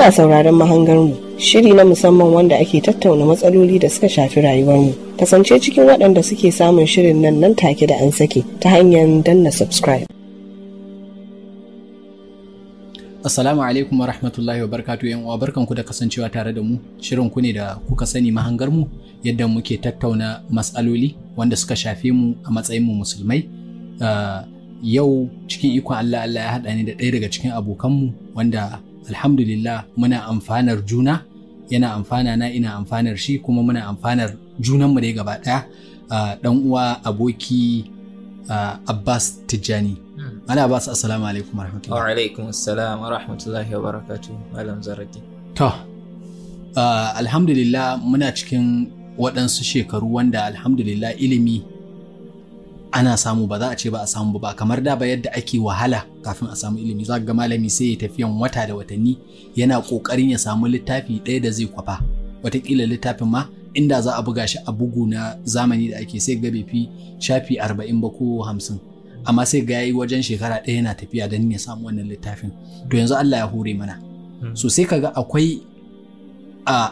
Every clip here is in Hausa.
Kuna sauraron mahangarmu, shiri na musamman wanda ake tattauna matsaloli da suka shafi rayuwarmu. Kasance cikin waɗanda suke samun shirin nan nan take da an sake ta hanyar danna subscribe. Assalamu alaikum wa rahmatullahi wa barkatu yan uwa barkanku da kasancewa tare da mu shirin ku ne da kuka sani mahangar mu yadda muke tattauna matsaloli wanda suka shafe mu a matsayin mu musulmai ah, yau cikin ikon Allah Allah ya haɗa ni da ɗaya daga cikin mu wanda alhamdulillah muna amfanar juna yana amfana na ina amfanar shi kuma muna amfanar junanmu da gaba ɗaya ɗan uwa aboki abbas tijjani hmm. ala abbas assalamu alaikum wa alaikum assalam wa rahmatullahi wa barakatuh malam zaraki to alhamdulillah muna cikin waɗansu shekaru wanda alhamdulillah ilimi ana samu ba za a ce ba a samu ba kamar da ba yadda ake wahala kafin a samu ilimi za ga malami sai ya tafi tafiyan wata da watanni yana kokarin ya samu littafi ɗaya da zai kwafa watakila littafin ma inda za a buga shi a bugu na zamani da ake sai ga bai fi shafi arba'in ba ko hamsin amma sai ga yayi wajen shekara ɗaya yana tafiya don ya samu wannan littafin to yanzu Allah ya hore mana hmm. so sai kaga akwai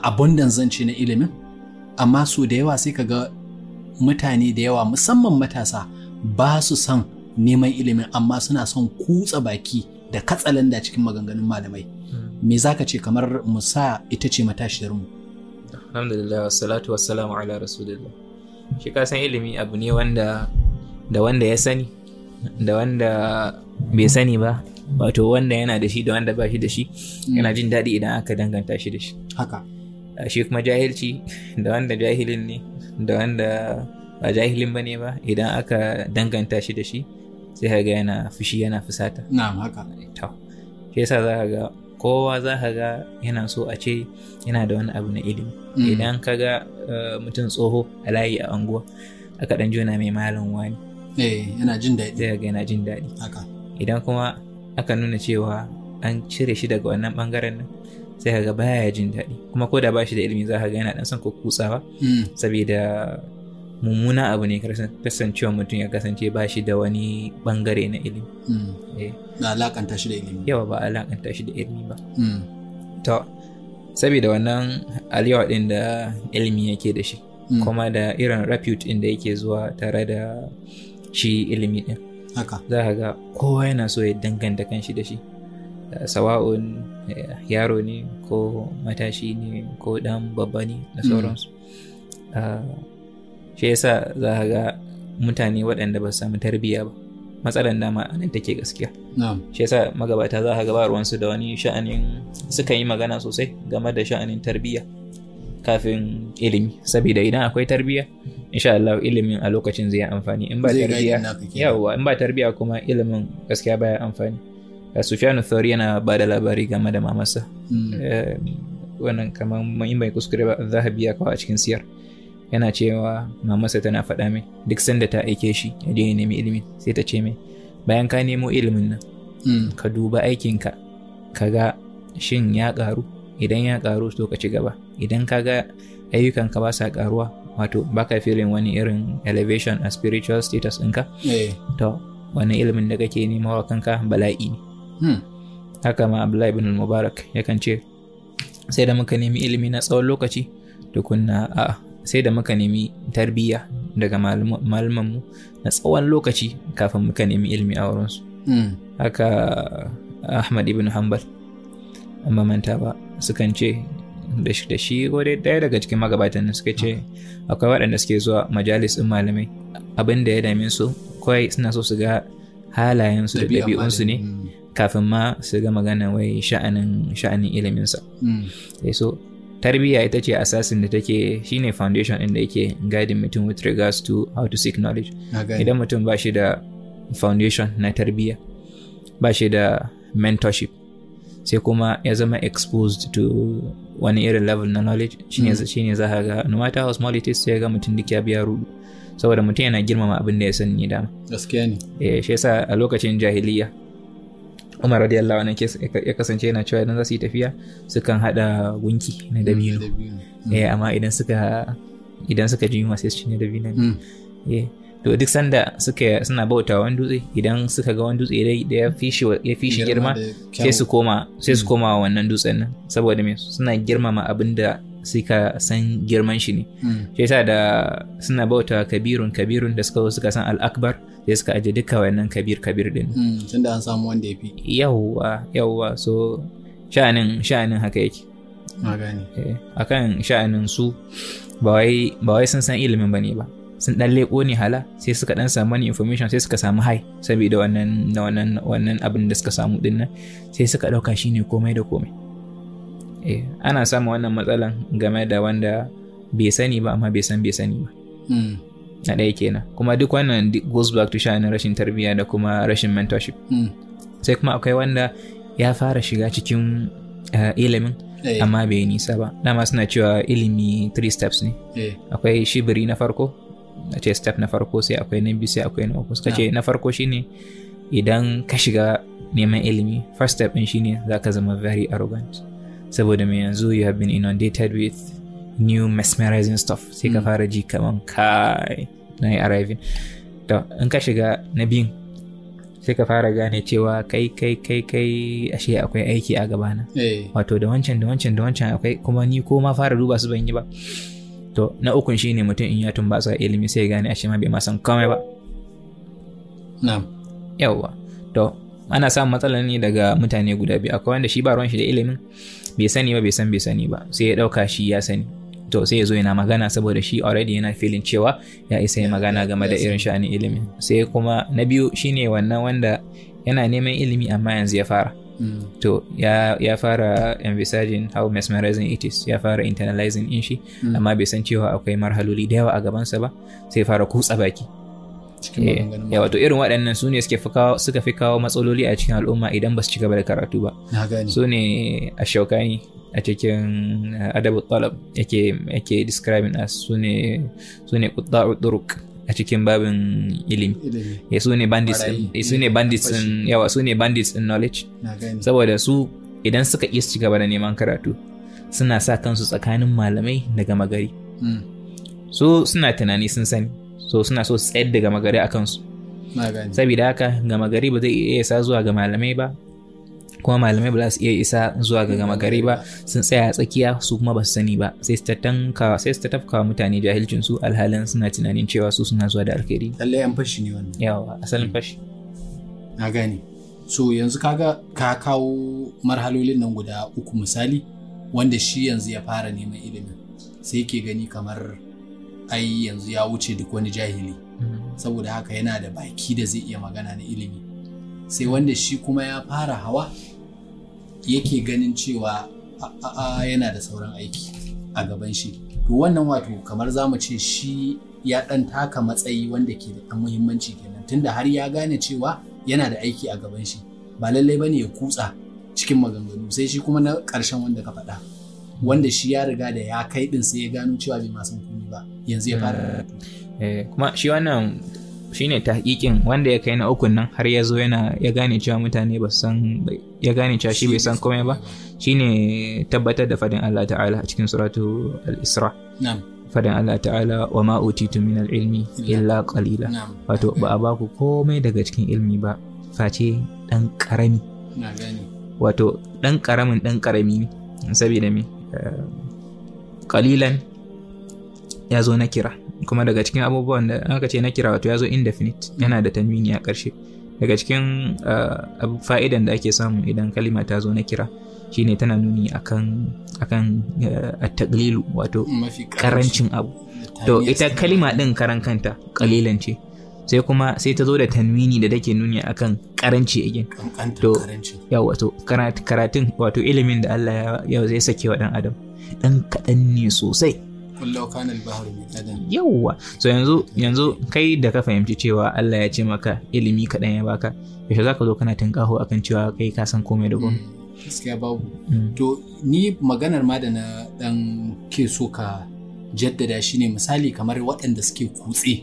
abundance zance na ilimin amma so da yawa sai kaga mutane da yawa musamman matasa ba su son neman ilimin amma suna son kutsa baki da katsalanda cikin maganganun malamai me za ka ce kamar musa ita ce matashiyar mu alhamdulillah wassalatu wassalamu ala rasulillah shi ka san ilimi abu ne wanda da wanda ya sani da wanda bai sani ba wato wanda yana da shi da wanda ba shi da shi mm. yana jin daɗi idan aka danganta shi da shi haka shi kuma jahilci da wanda jahilin ne da wanda ba jahilin ba ne ba idan aka danganta shi da shi sai ka yana fushi yana fusata na'am haka to shi yasa za ka ga kowa za ka ga yana so a ce yana da wani abu na ilimi mm. idan ka ga eh, mutum tsoho a layi a anguwa aka dan juna mai malam wani eh, yana jin daɗi sai ga yana jin daɗi haka idan kuma aka nuna cewa an cire shi daga wannan bangaren nan sai ka baya jin daɗi kuma ko da ba shi da ilimi za ka ga yana dan son ko kutsawa mm. saboda mummuna abu ne kasancewa mutum ya kasance ba shi da wani bangare na ilimi hmm. eh. Na alakanta shi da ilimi yawa ba alakanta shi da ilimi ba hmm. to saboda wannan aliyawa ɗin da ilimi yake da shi hmm. kuma da irin repute ɗin da yake zuwa tare da shi ilimi ɗin. haka za ka ga kowa yana so ya danganta kanshi da shi eh, sawa'un eh, yaro ne ko matashi ne ko dan babba ne da sauransu ah, shi yasa za ka ga mutane waɗanda ba su samu tarbiyya ba matsalan dama a nan take gaskiya shi yasa magabata za ka ga ruwansu da wani sha'anin suka yi magana sosai game da sha'anin tarbiyya kafin ilimi saboda idan akwai tarbiyya insha Allah ilimin a lokacin zai amfani in ba tarbiyya yawa in ba tarbiyya kuma ilimin gaskiya baya amfani Sufyanu Thori yana ba da labari game da mamarsa hmm. eh, wannan kamar in bai kuskure ba zahabi ya kawo a cikin siyar yana cewa mamarsa tana faɗa min. duk sanda ta aike shi ya je ya nemi ilimin sai ta ce mai bayan ka nemo ilimin nan hmm. ka duba aikinka ka ga shin ya ƙaru idan ya ƙaru to ka ci gaba idan ka ga ayyukanka ba sa ƙaruwa wato baka filin wani irin elevation a spiritual status ɗinka eh. to wani ilimin da kake nema wa kanka bala'i ne hmm. haka ma abdullahi ibn mubarak yakan ce sai da muka nemi ilimi na tsawon lokaci tukunna a sai da muka nemi tarbiyya daga malamanmu na tsawon lokaci kafin muka nemi ilmi a wurinsu hmm. haka ahmad ibn hanbal amma manta ba sukan ce da shi da shi ko dai daga cikin magabatan suka ce akwai waɗanda suke zuwa majalis ɗin malamai abin da ya dame su kawai suna so su ga halayensu da ɗabi'unsu ne hmm. kafin ma su ga magana wai sha'anin iliminsa hmm. eh, tarbiyya ita ce asasin da take shine foundation ɗin da yake guiding mutum with regards to how to seek knowledge idan mutum ba shi da foundation na tarbiyya ba shi da mentorship sai kuma ya zama exposed to wani irin level na knowledge shine hmm. shine za ga no matter how small it is sai ga mutum duk ya biya rudu saboda mutum yana girmama abin da ya sani dama gaskiya ne eh shi yasa a lokacin jahiliya Umar radiyallahu anhu ya kasance yana cewa idan za su yi tafiya sukan hada gunki na mm, dabino mm. eh amma idan suka idan suka ji yunwa sai su ci na dabino mm. eh to duk sanda suka suna bauta wani dutse idan suka ga wani dutse da ya fishi ya fishi girma sai su koma sai su koma wannan dutsen nan saboda me suna girmama abin da sai ka san girman shi ne hmm. shi yasa da suna bauta kabirun kabirun da suka suka san al'akbar sai suka aje duka wannan kabir kabir din hmm, tunda an samu wanda ya fi yawwa yawwa so sha'anin sha'anin haka yake magani eh, akan sha'anin su ba wai ba wai sun san ilimin ba ne ba sun dan leko ne hala sai suka dan samu wani information sai suka samu hai saboda wannan wannan wannan abin da suka samu din nan sai suka dauka shine komai da komai eh ana samun wannan matsalan game da wanda bai sani ba amma bai san bai sani ba hmm. na ɗaya kenan kuma duk wannan goes back to shine rashin tarbiyya da kuma rashin mentorship hmm. sai kuma akwai wanda ya fara shiga cikin eh, ilimin eh. amma bai nisa ba dama suna cewa ilimi three steps ne eh. akwai shibiri na farko a ce step na farko sai akwai na biyu sai akwai na uku suka ce ah. na farko shine idan ka shiga neman ilimi first step din shine za ka zama very arrogant saboda me yanzu you have been inundated with new mesmerizing stuff sai ka hmm. fara ji kaman kai na yi arriving to in ka shiga na biyun sai ka fara gane cewa kai kai kai kai ashe akwai aiki a gabana eh. wato da wancan da wancan da wancan akwai kuma ni ko ma fara duba su ban yi ba to na ukun shine mutum in ya sa ilimi sai gane ashe ma bai ma san komai ba na'am yawwa to ana samun matsalar ne daga mutane guda biyu akwai wanda shi ba ruwan shi da ilimin bai sani ba bai san bai sani ba sai ya dauka shi ya sani to sai ya zo yana magana saboda shi already yana filin cewa ya isa ya magana game da irin sha'anin ilimi sai kuma na biyu shine wannan wanda yana neman ilimi amma yanzu ya fara hmm. to ya, fara envisaging how mesmerizing it is ya fara internalizing in shi hmm. amma bai san cewa akwai marhaloli da yawa a gabansa ba sai fara kutsa baki cikin eh, ya wato irin waɗannan su ne suka fi kawo matsaloli a cikin al'umma idan ba su ci da karatu ba su ne a shaukani a cikin eh, adabu talab yake yake describing as su ne su ne a cikin babin ilimi ya eh, su ne bandits su yawa su ne bandits in knowledge saboda su idan suka iya ci gaba da neman karatu suna sa kansu tsakanin malamai daga magari hmm. su suna tunani sun sani so suna so su tsayar da gama gari a kansu saboda haka gama gari ba zai iya isa zuwa ga malamai ba kuma malamai ba za su iya isa zuwa ga gama gari ba sun tsaya a tsakiya su kuma ba su sani ba sai su tattankawa sai mutane jahilcin su alhalin suna tunanin cewa su suna zuwa da alkhairi lallai an fashi ne wannan yawa asalin fashi na gane so yanzu kaga ka kawo marhalolin nan guda uku misali wanda shi yanzu ya fara neman ilimin sai ke gani kamar ai yanzu ya wuce duk wani jahili hmm. saboda haka yana da baki da zai iya magana na ilimi sai wanda shi kuma ya fara hawa yake ganin cewa a'a yana da sauran aiki a gaban shi to wannan wato kamar za mu ce shi ya ɗan taka matsayi wanda ke da ɗan muhimmanci kenan tunda har ya gane cewa yana da aiki a gaban shi ba lallai bane ya kutsa cikin maganganu sai shi kuma na ƙarshen wanda ka faɗa hmm. wanda shi ya riga da ya kai ɗin sai ya gano cewa bai masu yanzu ya fara eh, eh, kuma shi wannan shine tahqiqin wanda ya kai na ukun nan har ya zo yana ya gane cewa mutane ba san ya gane cewa shi bai san komai ba shine tabbatar da fadin Allah ta'ala a cikin suratu al-Isra na'am fadin Allah ta'ala wa ma utitu min al-ilmi illa qalila wato ba a ba ku komai daga cikin ilmi ba face dan karami na gani wato dan karamin dan karami ne saboda me qalilan eh, ya zo na kira kuma daga cikin abubuwan da aka ce na kira wato ya zo indefinite yana da tanwini a ƙarshe daga cikin eh, fa'idan da ake samu idan kalima ta zo na kira shine tana nuni akan akan eh, taklilu wato karancin abu to ita kalima din karan kanta kalilan ce sai kuma sai ta zo da tanwini da take nuni akan karanci again to ya wato karatun wato ilimin da Allah ya zai sake wa dan adam dan kadan ne sosai kullau so yanzu yanzu kai da ka fahimci cewa Allah ya ce maka ilimi kaɗan ya baka yaushe za ka zo kana tinkaho akan cewa kai ka san komai da komai gaskiya babu to ni maganar ma da na ɗan ke so ka jaddada shi ne misali kamar waɗanda suke kutse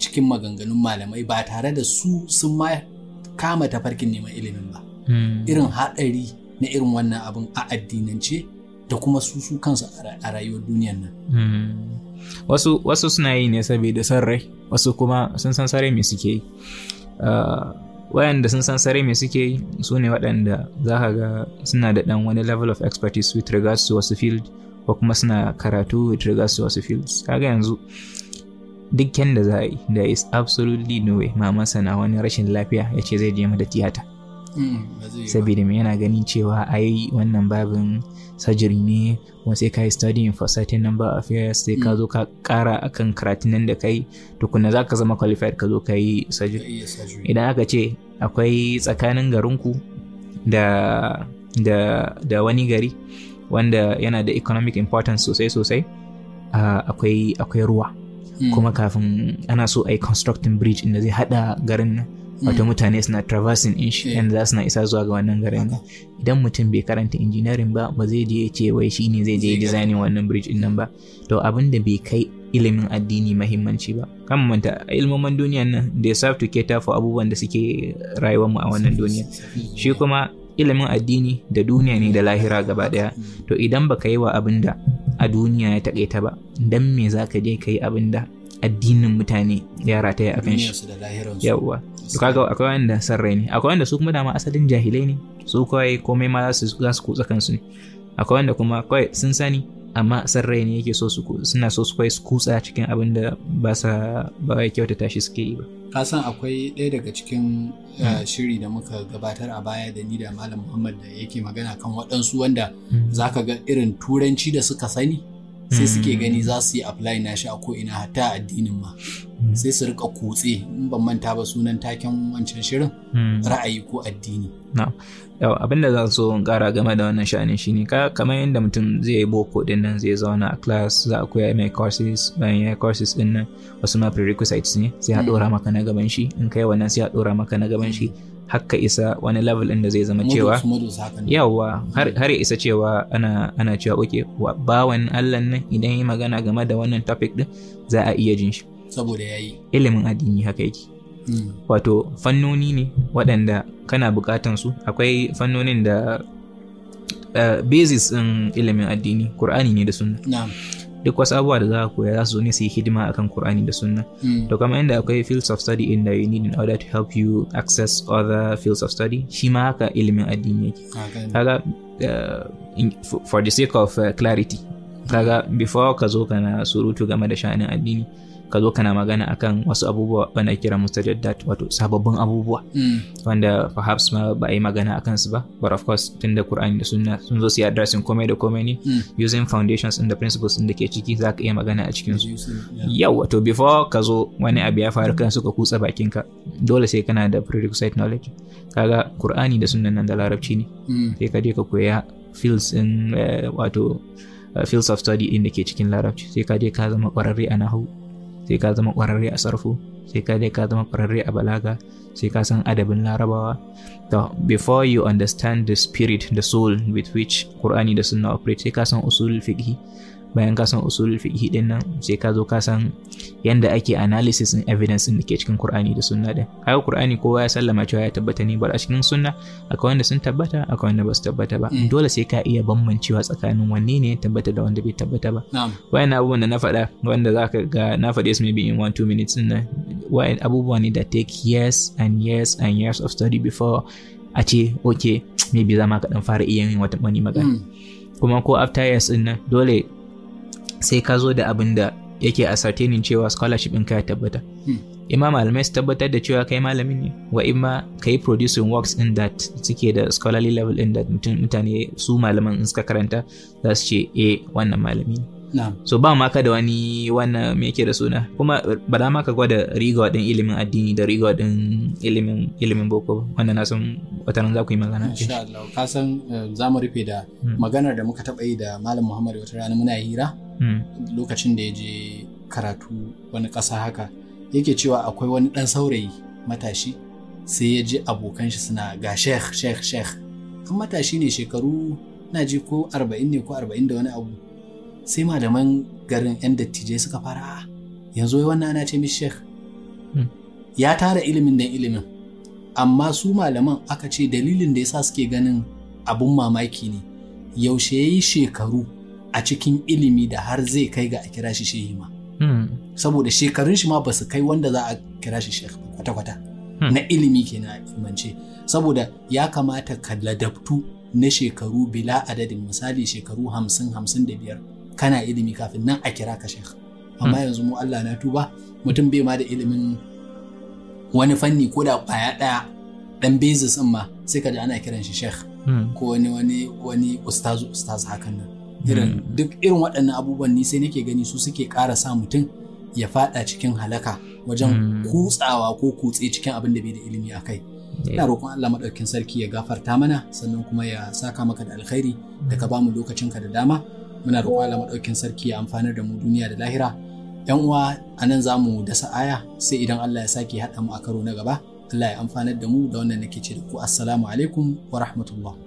cikin maganganun malamai ba tare da su sun ma kama tafarkin neman ilimin ba irin haɗari na irin wannan abin a addinance da kuma su su kansu a rayuwar duniyar nan. Hmm. Wasu, suna yi ne saboda san rai, wasu kuma sun san sare me suke yi. Ah, wayanda sun san sare me suke yi su ne waɗanda za ka ga suna da ɗan wani level of expertise with regards to wasu field ko kuma suna karatu with regards to wasu fields. Kaga yanzu duk da za a yi, there is absolutely no way mama sana wani rashin lafiya ya ce zai je mata tiyata. Mm, saboda mai yana ganin cewa a yi wannan babin surgery ne kuma sai ka yi studying for certain number of years sai ka mm. zo ka kara akan karatun nan da kai tukuna za ka zama qualified ka zo ka yi surgery idan aka ce akwai tsakanin garinku da da wani gari wanda yana da economic importance sosai sosai akwai akwai ruwa mm. kuma kafin ana so a yi constructing bridge inda zai hada garin nan wato mm. mutane suna traversing in shi yanda za suna isa zuwa ga wannan garin idan mutum bai karanta engineering ba ba zai je ce wai shi ne zai je designing wannan bridge din nan ba to abin da bai kai ilimin addini mahimmanci ba kan manta ilmomin duniya nan da ya to cater for abubuwan da suke rayuwar mu a wannan duniya shi kuma ilimin addini da duniya ne da lahira gaba daya to idan ba ka yi wa abin da a duniya ya takaita ba dan me zaka je ka yi abin da addinin mutane ya rataya a kan shi yawwa to kaga akwai wanda san rai ne akwai wanda su kuma dama asalin jahilai ne su kawai komai ma za su za su kutsa kansu ne akwai wanda kuma kawai sun sani amma san rai ne yake so su suna so su kawai su kutsa cikin abin da ba sa ba ya kyauta shi suke yi ba ka san akwai ɗaya daga cikin eh, shiri da muka gabatar a baya da ni da malam muhammad da yake magana kan waɗansu wanda hmm. zaka ga irin turanci da suka sani sai suke hmm. gani za su yi apply na shi a ko'ina hatta addinin ma hmm. sai su rika kutse in ban manta ba sunan taken wancan shirin hmm. ra'ayi ko addini abin da za so in kara game da wannan sha'ani shine kamar yadda mutum zai yi boko din nan zai zauna a class za a koya mai courses bayan ya courses din nan wasu ma prerequisites ne sai a dora maka na gaban shi in kai wannan sai a dora maka na gaban shi hakka isa wani level ɗin da zai zama cewa yawa har ya isa cewa ana cewa oke bawan Allah nan idan yi magana game da wannan topic din za a iya jin shi saboda yayi ilimin addini haka yake hmm. wato fannoni ne waɗanda kana bukatan su akwai fannonin da eh, basis ɗin ilimin addini Qur'ani ne da sunna duk wasu abubuwa da za ka koya za su ne su yi hidima akan Qur'ani da Sunna hmm. to kamar inda akwai fields of study in that you need in order to help you access other fields of study shi ma haka ilimin addini yake ah, kaga eh, for the sake of eh, clarity kaga before ka zo kana surutu game da sha'anin addini ka zo kana magana akan wasu abubuwa wanda kira mustajaddat wato sababbin abubuwa hmm. wanda perhaps ma ba a yi magana akan su ba but of course tun da Qur'ani da Sunna sun zo su yi addressing komai da komai ne hmm. using foundations and the principles din da ke ciki za ka iya magana a cikin su yawa to before ka zo wani abu ya faru kan suka kutsa bakin ka dole sai kana da prerequisite knowledge kaga Qur'ani da Sunna nan da Larabci ne hmm. sai ka je ka koya fields in eh, wato eh, fields of study din da ke cikin Larabci sai ka je ka zama kwararre a nahawu sai ka zama ƙwararre a sarfu sai ka dai ka zama ƙwararre a balaga sai ka san adabin larabawa to before you understand the spirit the soul with which Qur'ani da sunna operate sai ka san usul fiqh bayan ka san usul fiqh din nan sai ka zo ka san yanda ake analysis din evidence din ke cikin Qur'ani da sunna din kaga Qur'ani kowa ya sallama cewa ya tabbata ne bar a cikin sunna akwai wanda sun tabbata akwai wanda ba su tabbata ba mm. dole sai ka iya bambancewa tsakanin wanne ne ya tabbata da wanda bai tabbata ba wayan abubuwan da na faɗa wanda zaka ga na faɗe su maybe in one two minutes din nan wayan abubuwa ne da take years and years and years of study before a ce okay maybe za ma ka dan fara iya yin wata wani magana mm. kuma ko after years din nan dole sai ka zo da abin da yake a sartenin cewa scholarship ka ya tabbata hmm. Ima malamai su tabbatar da cewa kai malamin ne wa imma ka yi producing works in that suke da scholarly level in that mutane su malaman in suka karanta za su ce eh wannan malami ne So ba ma da wani wannan me yake da suna kuma ba da ma gwada riga din ilimin addini da riga din ilimin ilimin boko wannan na san wata za ku yi magana. Insha Allah ka san eh, za mu rufe da hmm. maganar da muka taɓa yi da Malam Muhammad wata rana muna hira hmm. lokacin da ya je karatu wani ƙasa haka yake cewa akwai wani ɗan saurayi matashi sai ya ji abokan shi suna ga sheikh sheikh sheikh an matashi ne shekaru na ji ko arba'in ne ko arba'in da wani abu sai malaman garin 'yan dattijai suka fara yanzu wannan ana ce mishi sheikh hmm. ya tara ilimin dan ilimin amma su malaman aka ce dalilin da yasa suke ganin abun mamaki ne yaushe ya yi shekaru a cikin ilimi da har zai kai ga a kira shi shehi ma hmm. saboda shekarun shi ma ba su kai wanda za a kira shi sheikh kwata-kwata hmm. na ilimi kenan a imance saboda ya kamata ka ladabtu na shekaru bila adadin misali shekaru hamsin hamsin da biyar kana ilimi kafin nan a kira ka shekh amma yanzu mu Allah na tuba mutum bai ma da ilimin wani fanni ko da kwaya ɗaya dan basis din ma sai ka ji ana kiran shi shekh hmm. ko wani wani wani ustazu ustaz hakan nan hmm. irin duk irin waɗannan abubuwan ni sai nake gani su suke ƙara sa mutum ya faɗa cikin halaka wajen hmm. kutsawa ko kutse cikin abin da bai da ilimi a kai. Ina roƙon Allah maɗaukin sarki ya gafarta mana sannan kuma ya saka maka da alkhairi da ka bamu ka da dama muna roƙo Allah maɗaukin sarki ya amfanar da mu duniya da lahira yan uwa a nan za mu dasa aya sai idan Allah ya sake haɗa mu a karo na gaba Allah ya amfanar da mu da wannan nake ce da ku assalamu alaikum wa rahmatullah